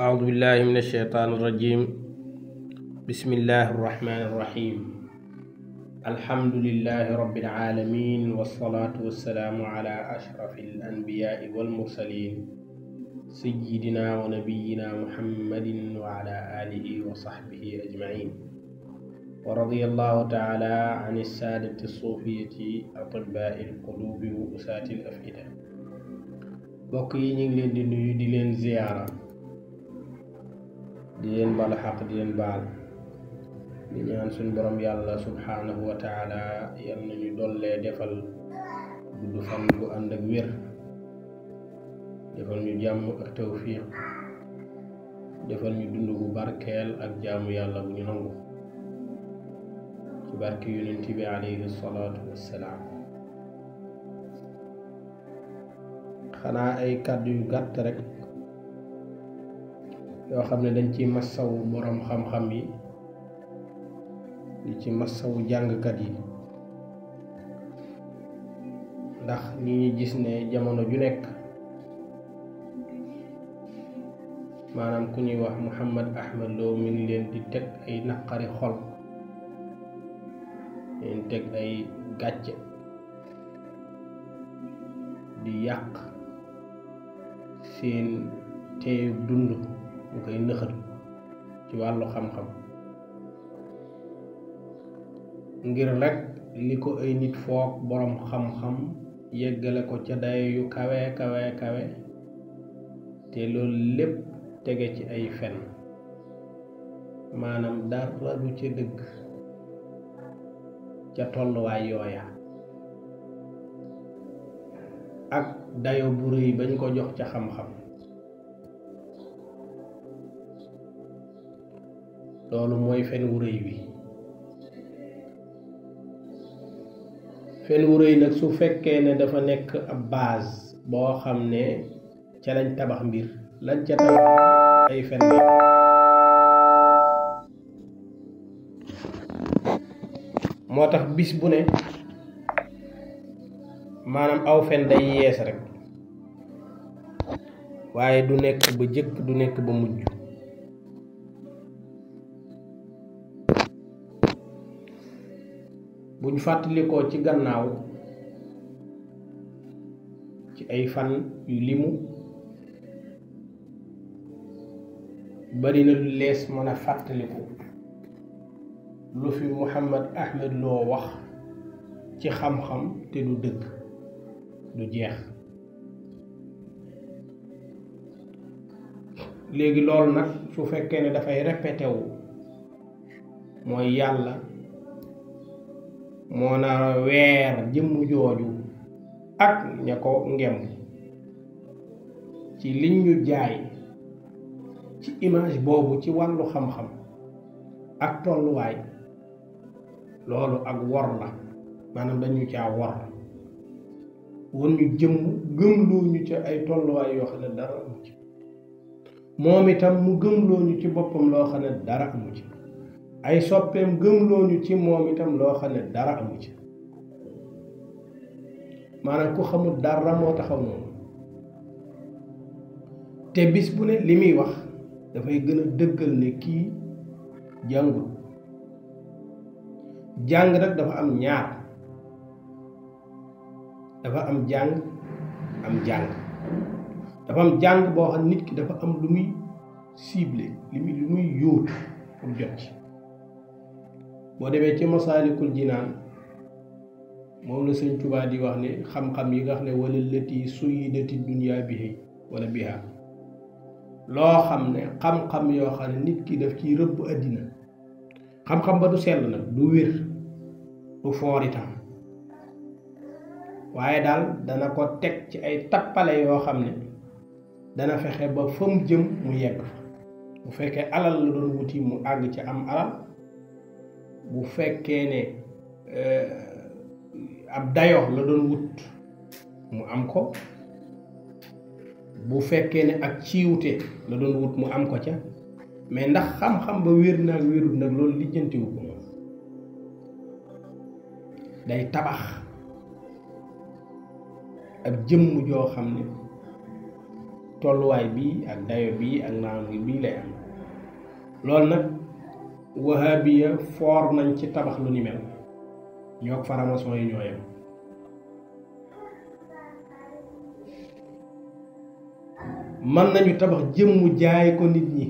أعوذ بالله من الشيطان الرجيم بسم الله الرحمن الرحيم الحمد لله رب العالمين والصلاة والسلام على أشرف الأنبياء والمرسلين سيدنا ونبينا محمد وعلى آله وصحبه أجمعين ورضي الله تعالى عن السادة الصوفية أطباء القلوب وأساة الأفئدة بقي نجلد نجد زيارة di leen balu xaq di leen baal di ñaan suñ borom yàlla subhaanahu wa taala yal nañu dollee defal gudd fan bu ànd ak wér defal ñu jàmm ak tawfiq defal ñu dund bu barkeel ak jaamu yàlla bu ñu nangu ci barke yonent bi alayhi salaatu wassalaam xanaa ay kàddu yu gàtt rek yoo xam ne dañ ci massawu boroom xam-xam yi di ci massawu jàngkat yi ndax ñi ñu gis ne jamono ju nekk maanaam ku ñuy wax Mouhammad Ahmad Lo mu ngi leen di teg ay naqari xol leen teg ay gàcce di yàq seen teeyub dund ñu koy nëxal ci wàllu xam-xam ngir rek li ko ay nit foog boroom xam-xam yeggale ko ca dayo yu kawe kawe kawe te loolu lépp tege ci ay fen maanam dara du ca dëgg ca tolluwaay yooya ak dayo bu rëy bañ ko jox ca xam-xam loolu mooy fen wu rëy wi fen wu rëy nag su fekkee ne dafa nekk ab base boo xam ne ca lañ tabax mbir lañ ca tabax ay fen moo tax bis bu ne maanaam aw fen day yees rek waaye du nekk ba jëkk du nekk ba mujj buñ fàttalikoo ci gannaaw ci ay fan yu limu bari lu lees mën a fàttaliku lu fi Muhammad Ahmed loo wax ci xam-xam te du dëgg du jeex léegi loolu na su fekkee ni dafay répété wu mooy yàlla moo na weer jëmm jooju ak ña ko ngem ci liñ ñu jaay ci image boobu ci wàllu xam-xam ak tolluwaay loolu ak wor la maanaam dañu caa wor won ñu jëmm gëmloo ñu ci ay tolluwaay yoo xam ne dara amu ci moom itam mu gëmloo ñu ci boppam loo xam dara amu ci ay soppeem gëmloo ci moom itam loo xam ne dara amu ci maanaam ku xamul dara moo taxaw noonu te bis bu ne li muy wax dafay gën a dëggal ne kii jàngul jàng rek dafa am ñaar dafa am jàng am jàng dafa am jàng boo xam nit ki dafa am lu muy ciblé muy lu muy yóotu pour jot boo demee ci masaalikul jinaan moom la sëñ Tuubaa di wax ne xam-xam yi nga xam ne wala lëti suyidati dunya bihi wala biha loo xam ne xam-xam yoo xam ne nit ki daf ciy rëbb àddina xam-xam ba du sell nag du wér du foor itam waaye daal dana ko teg ci ay tappale yoo xam ne dana fexe ba fa mu jëm mu yegg bu fekkee alal la doon wuti mu àgg ci am alal bu fekkee ne eh, ab dayo la doon wut mu am ko bu fekkee ne ak ciiwute la doon wut mu am ko ca mais ndax xam-xam ba wér naag wérut nag loolu wu ko day tabax ak jëmm joo xam ne tolluwaay bii ak dayo bii ak naam gi bii lay am loolu nag wahabiya foor nañ ci tabax lu ni mel ñoo faramason yi ñoo man mën nañu tabax jëmm jaay ko nit ñi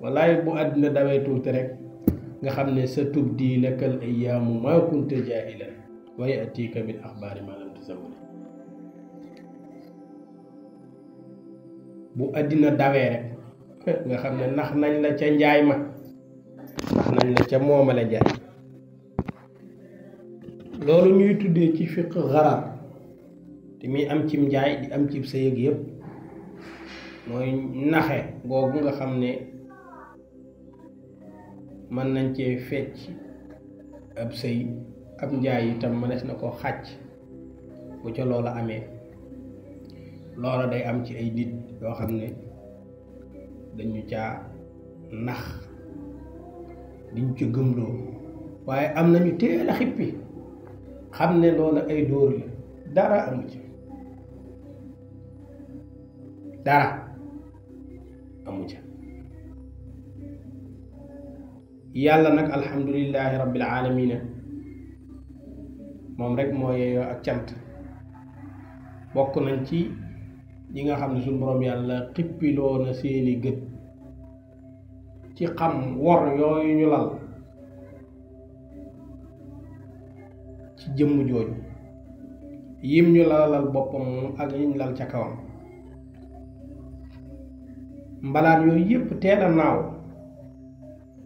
walaay bu àddina dawee tuuti rek nga xam ne sa tub dii lakkal ayaamu maa kunta jaahila wa yaatika min axbaari maa lam tasawwur bu àddina dawee rek nga xam ne nax nañ la ca njaay ma nañ la ca moomale jaay loolu ñuy tuddee ci fiq xaraar te muy am cim njaay di am ci sëy ak yépp mooy naxe boobu nga xam ne mën nañ cee fecc ab sëy ab njaay yi tam mënees na ko xàcc bu ca loola amee loola day am ci ay nit yoo xam ne dañu caa nax diñ ci gëmloo waaye am nañu teel a xippi xam ne loolu ay dóor la dara amu ci dara amu ca yàlla nag alhamdulilahi rabbil alamina moom rek moo yeeyoo ak cant bokk nañ ci ñi nga xam ne suñu borom yàlla xippiloo na seeni gët ci xam wor yooyu ñu lal ci jëmm jooju yim ñu lalal boppam moom ak yiñ lal ca kawam mbalaan yooyu yépp teel a naaw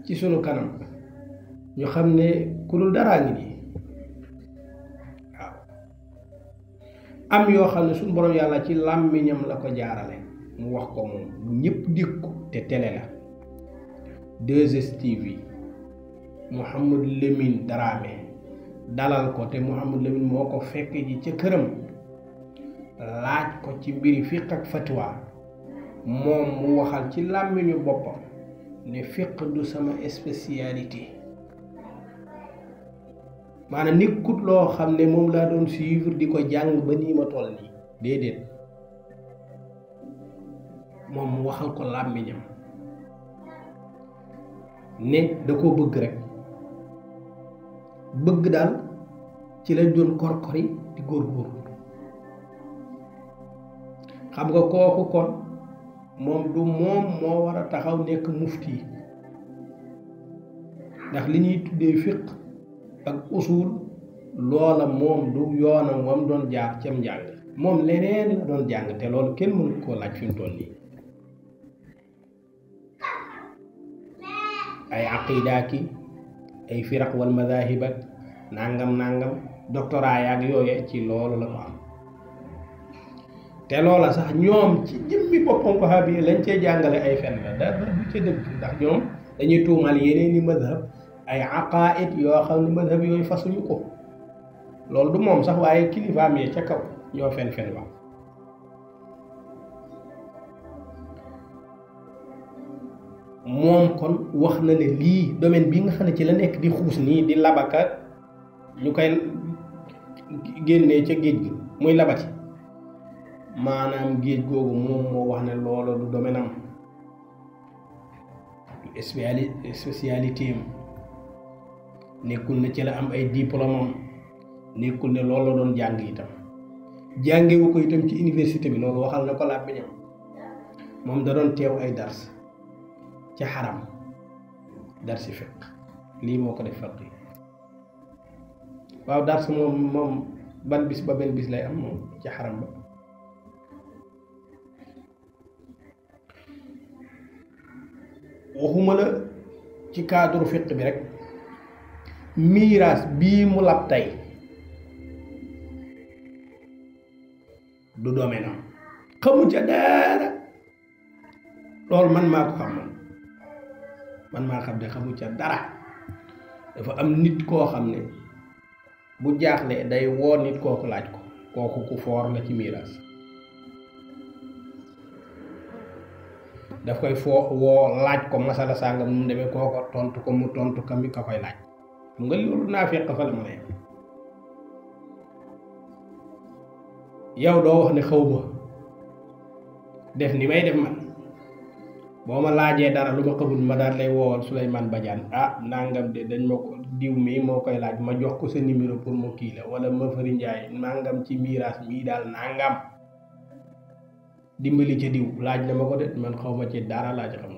ci sunu kanam ñu xam ne ku dul daraa ngi nii waaw am yoo xam ne sunu borom yàlla ci làmmiñam la ko jaarale mu wax ko moom ñépp dégg ko te tele la 2 TV Mouhamed Lemine Dramé dalal ko te Mohamed Lemine moko ko fekke ji ci kërëm laaj ko ci mbiri fiqh ak fatwa Mom mu waxal ci lamiñu boppam ne fiqh du sama spécialité Mana nikut lo xam ne mom doon suivre di ko ba ni ma toll nii déedéet waxal ko lamiñam ne da ko bëgg rek bëgg daal ci lañ doon kor-kori di góor-góor xam nga kooku kon moom du moom moo war a taxaw nekk mufti yi ndax li ñuy tuddee fiq ak usul loola moom du yoonam wam doon jaar cam njàng moom leneen doon jàng te loolu kenn mënu koo laaj fi mu toll nii ay aqidaaki ay firaq wal madahibat nangam nangam doctorat yaak yooye ci loolu la ko am te loola sax ñoom ci jëmmi boppam wahhabi yi lañ cee jàngale ay fen la da du ca dëgg ndax ñoom dañuy tuumal yeneen ni madhab ay aqaid yoo xam ne madhab yooyu fasuñu ko loolu du moom sax waaye kilifaam yi ca kaw ñoo fen fen ba moom kon wax na ne lii domaine bi nga xam ne ci la nekk di xuus nii di labaka ñu koy génnee ca géej gi muy labati maanaam géej googu moom moo wax ne loolu du domaine am spécialité am nekkul ne ci la am ay diplôme am nekkul ne loolu la doon jàng itam jàngewu ko itam ci université bi loolu waxal na ko làmmiñam moom da doon teew ay dars ci xaram dar fiq lii moo ko def faq yi waaw dar moom moom ban bis ba benn bis lay am moom ci xaram ba waxuma la ci cadre fiq bi rek miiraas bii mu lab tey du doome na xamu ca dara loolu man maa ko xam man maa xam ne xamu ca dara dafa am nit koo xam ne bu jaaxlee day woo nit kooku laaj ko kooku ku foor la ci miiras daf koy foox woo laaj ko masala sàngam mu demee kooko tontu ko mu tontu ka mi ka koy laaj xam nga loolu naa fekk fa la ma ne yow doo wax ne xaw ma def ni may def man boo ma laajee dara lu ma xamul ma daal lay woowal man Badiane ah nangam de dañ ma ko diw mii moo koy laaj ma jox ko sa numéro pour mu kii la wala ma fari njaay nangam ci miiras mii daal nangam dimbali ca diw laaj na ma ko de man xaw ma ci dara laa ci xam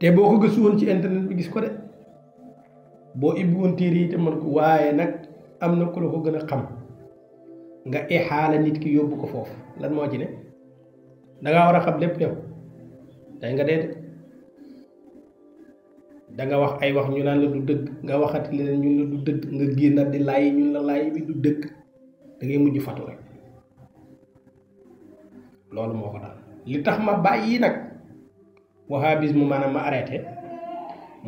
te boo ko gëstu woon ci internet bi gis ko de boo ibbi woon téere yi te man ko waaye nag am na ku la ko gën a xam nga ixaala nit ki yóbbu ko foofu lan moo ci ne da war a xam lépp tey nga dee de danga wax ay wax ñu naan la du dëgg nga waxati leen ñu la du dëgg nga génnaat di laay ñun la laay bi du dëgg da ngay mujj fatu rek loolu moo ko daal li tax ma bàyyi nag wahabisme maanaam ma arrêté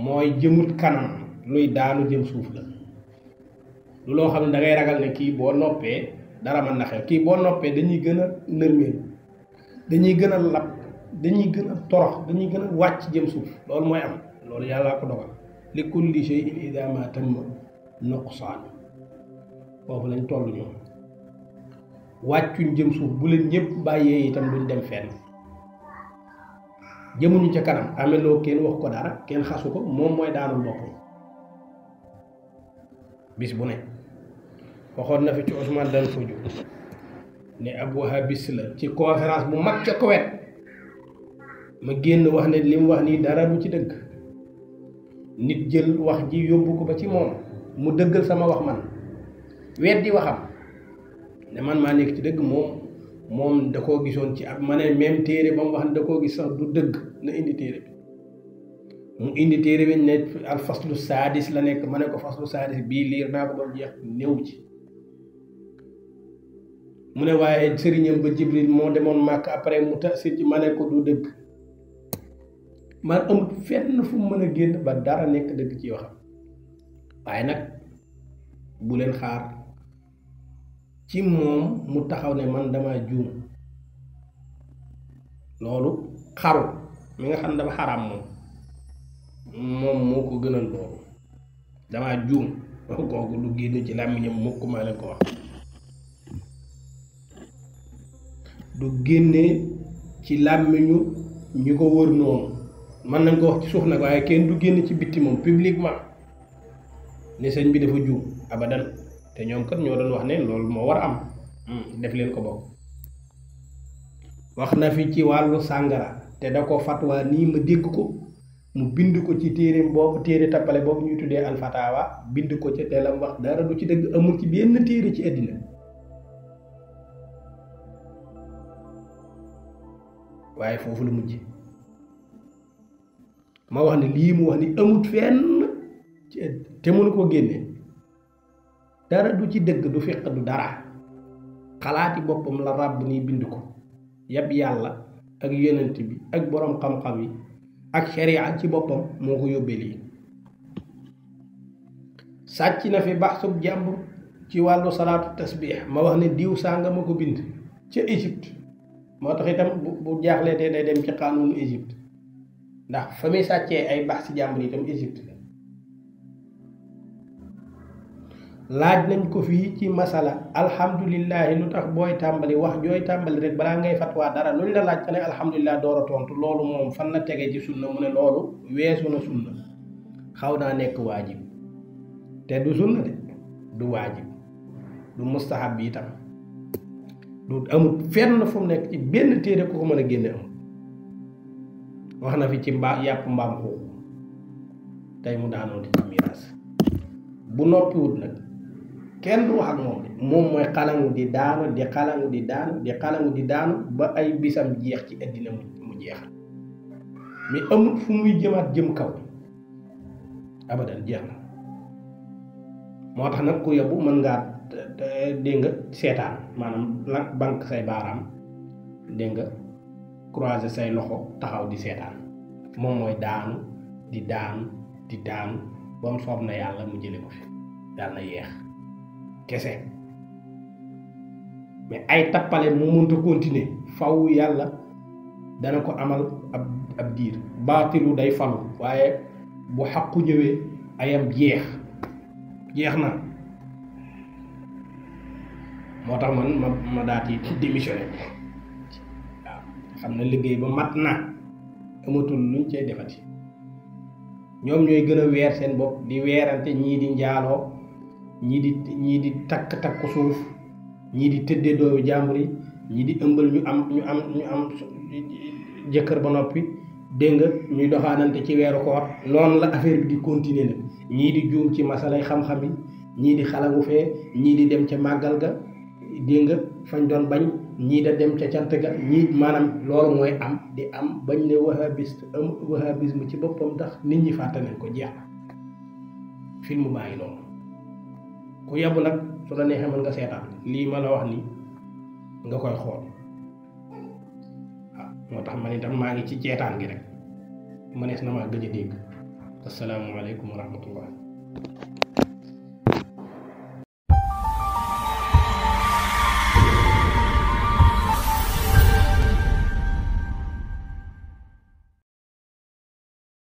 mooy jëmut kanam luy daanu jëm suuf la lu loo xam ne dangay ragal ne kii boo noppee dara ma na kii boo noppee dañuy gën a nërmeel dañuy gën a lab dañuy gën a torox dañuy gën a wàcc jëm suuf loolu mooy am loolu yàllaa ko dogal li kulli shay'in idaa maa tamma nuqsaan foofu lañ toll ñoom wàccuñ jëm suuf bu leen ñëpp bàyyee itam duñ dem fenn jëmuñu ca kanam ameloo kenn wax ko dara kenn xasu ko moom mooy daanul boppam bis bu ne waxoon na fi ci Ousmane dan foju ne Abu Habis la ci conférence bu mag ca Koweït ma génn wax ne lim wax nii dara du ci dëgg nit jël wax ji yóbbu ko ba ci moom mu dëggal sama wax man di waxam ne man maa nekk ci dëgg moom moom da koo gisoon ci ab ma ne même téere ba mu wax ne da koo gis sax du dëgg na indi téere mu indi téere bi ne al faslu saadis la nekk ma ne ko faslu saadis bii liir naa ko ba jeex néew ci mu ne waaye sëriñam ba jibril moo demoon màkk après mu tasir ci ma ne ko du dëgg man amul fenn fu mu mën a génn ba dara nekk dëgg ci waxam waaye nag bu leen xaar ci moom mu taxaw ne man dama juum loolu xaru mi nga xam ne dafa xaraam moom moom moo ko gënal loolu dama juum kooku du génn ci làmmiñam mukk maa leen ko wax du génne ci làmmiñu ñi ko wër noonu man nañ ko wax ci suuf nag waaye kenn du génn ci bitti moom publiquement ne sëñ bi dafa juum abadan te ñoom kat ñoo doon wax ne loolu moo war am hmm, def leen ko bokk wax na fi ci wàllu sàngara te da ko fatwa nii ma dégg ko mu bind ko ci téere boobu téere tappale boobu ñuy tuddee alfatawa bind ko ci teelam wax dara du ci dëgg amul ci benn téere ci àddina waaye foofu la mujj ma wax ni lii mu wax ni amut fenn te mënu ko génne dara du ci dëgg du fiq du dara xalaati boppam la ràbb ni bind ko yab yàlla ak yonent bi ak borom xam-xam yi ak sharia ci boppam moo ko yóbbee lii sàcc na fi baxsub jàmbur ci wàllu salaatu tasbix ma wax ne diw sànga ma ko bind ca égypte moo tax itam bu jaaxlee day dem ci xaanuunu égypte ndax fa muy sàccee ay baax si jàmbur tam Égypte la laaj nañ ko fii ci masala alhamdulilahi lu tax booy tàmbali wax jooy tàmbali rek balaa ngay fat fatwaa dara luñ la laaj ka ne alhamdulilah door a tontu loolu moom fan na tege ci sunna mu ne loolu weesu na sunna xaw naa nekk waajib te du sunna de du waajib du mustahab bi itam du amul fenn fu mu nekk ci benn téere ku ko mën a génne amul wax na fi ci mbaa yàpp mbaam xuux tey mu daanoo ci miraas bu noppiwut nag kenn wax ak moom de moom mooy xalangu di daanu di xalangu di daanu di di daanu ba ay bisam jeex ci àddina mu jeexal mais amul fu muy jëmaat jëm kaw abadan jeex na moo tax nag ku yóbbu mën ngaa dégg nga seetaan maanaam banque say baaraam dégg nga croiser say loxo taxaw di seetaan moom mooy daanu di daanu di daanu ba mu na yàlla mu jële ko fi yàlla yeex kese mais ay tappale mu mënta continuer faw yàlla dana ko amal ab ab diir baatilu day falu waaye bu xaqu ñëwee ayam jeex jeex na moo tax man ma ma daal di xam na liggéey ba mat na amatul luñ cee defati ñoom ñooy gën a weer seen bopp di weerante ñii di njaaloo ñii di ñii di takk takku suuf ñii di tëddee dooyu jàmbur yi ñii di ëmbal ñu am ñu am ñu am jëkkër ba noppi dégg nga ñuy doxaanante ci weeru koor noonu la affaire bi di continuer la ñii di juum ci masalay xam-xam yi ñii di xalangu fee ñii di dem ca màggal ga dégg nga fañ doon bañ ñii da dem ca cant ga ñii maanaam loolu mooy am di am bañ ne wahabiste am ci boppam tax nit ñi fàtte nañ ko jeex na film baa ngi noonu ku yabu nag su la neexee mën nga seetaan lii ma la wax ni nga koy xool waaw ah, moo tax man itam maa ngi ci jeetaan gi rek mënees ne maa gëj a dégg asalaamualeykum wa rahmatullah